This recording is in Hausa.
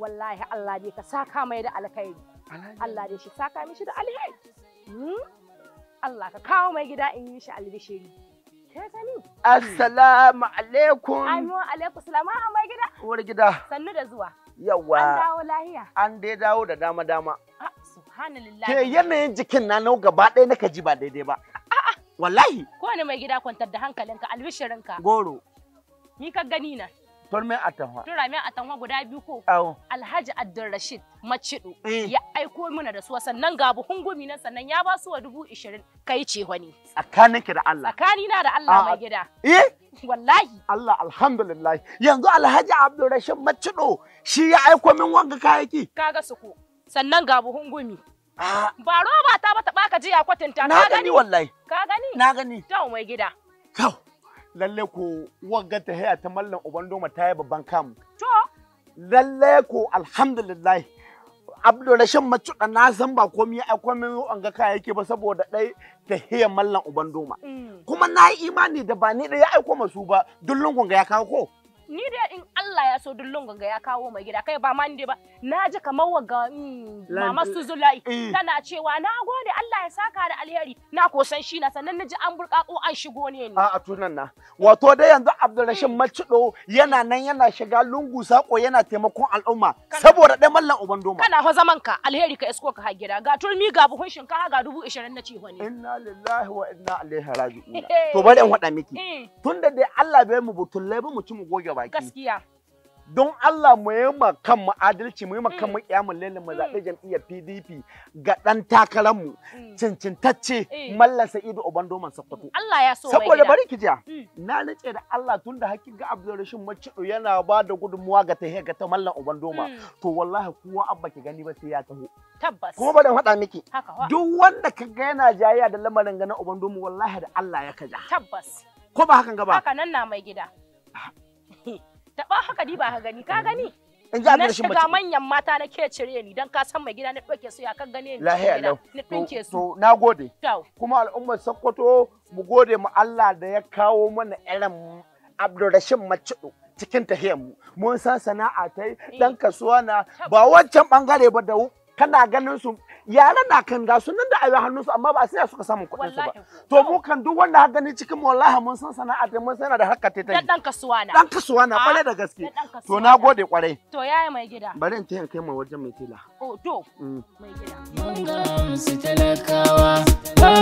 wallahi Allah dai ka saka mai da alkhairi Allah dai shi saka mishi da alkhairi. Hmm? Allah ka kawo mai gida in yi shi albishiri ke sani assalamu alaikum amin alaikum salama a mai gida uwar gida sannu da zuwa yawa an dawo lahiya an dai dawo da dama dama ah, subhanallah ke yanayin jikin na nau gaba ɗaya naka ji ba daidai ba wallahi ko ne mai gida kwantar da hankalinka albishirinka goro ni ka gani na turmin atamwa turmin atamwa guda biyu ko alhaji abdul rashid macido eh. ya aiko mana da su sannan ga buhun gumi na sannan ya ba su wa dubu ishirin kai ce wani ki da Allah na da Allah mai gida eh wallahi Allah alhamdulillah yanzu alhaji abdul rashid macido shi ya aiko min wanga kayaki kaga su ko sannan ga buhun gumi ba roba ta bata baka jiya kwatinta na gani wallahi ka gani na gani to mai gida kau lalle ko wagga ta haya ta mallan uban doma ta yi babban kam to lalle ko alhamdulillah abdu rashin macuɗa na san ba komai ai komi an ga kaya yake ba saboda dai ta haya mallan uban doma mm. kuma na yi imani da ba ni da ya aiko masu ba dullun ya kawo ko ni da in Allah ya so dullun ganga ya kawo mai gida kai ba ma ni ba na ji kamar waga mm, mama su eh. tana cewa na gode Allah ya saka da alheri na kosan san shi na sannan na ji an ko an shigo ne ni a'a tunan na wato dai yanzu Abdulrashid mm. Macido yana nan yana shiga lungu sako yana taimakon al'umma saboda dai mallan uban doma kana fa zaman ka alheri ka isko ka gida ga turmi ga buhun shinkafa ga dubu 20 na ci ne inna lillahi wa inna ilaihi raji'un to bari in hada miki eh. tunda dai Allah bai mu butullai ba mu ci mu goge baki gaskiya don Allah mu yi ma mu adalci mu yi ma mm. kanmu kyamun lelin mu mm. zaɓe jam'iyyar PDP ga ɗan takararmu mm. cincintacce eh. Mallam Sa'idu Obando man Sokoto. Allah ya so Saboda bari ki ja na nace da Allah tun da hakkin ga Rashid Macido yana ba da gudunmuwa ga tahiya ga ta mallan Obando ma to wallahi kowa abba ki gani ba sai ya taho. Tabbas. Kuma ba da faɗa miki. Duk wanda ka ga yana jayayya da lamarin ganin Obando mu wallahi da Allah ya kaja. Tabbas. Ko ba hakan gaba? Haka nan na mai gida. Ah. taba haka di ba ka gani, ka gani? Na shiga manyan mata na ke cire ni dan ka san mai gida na ɗauke su ya kan gane ni. Lahiya Na ɗauke su. To na gode. Kuma al'ummar Sokoto mu gode mu Allah da ya kawo mana irin Abdulrashid Macido. cikin tahiyar mu mun san sana'a ta dan eh. kasuwa na ba wancan bangare ba da kana ganin su yaran na kan ga sunan da ayo hannun su amma ba sai suka samu kuɗin su ba to mu kan duk wanda har gani cikin wallahi mun san sana'a da mun sana da harka ta ta dan kasuwa na dan kasuwa na kware ah, da gaske to na gode kwarai to yaya mai gida bari in taya kai ma wajen mai tela oh to mm. mai gida mun ga su talakawa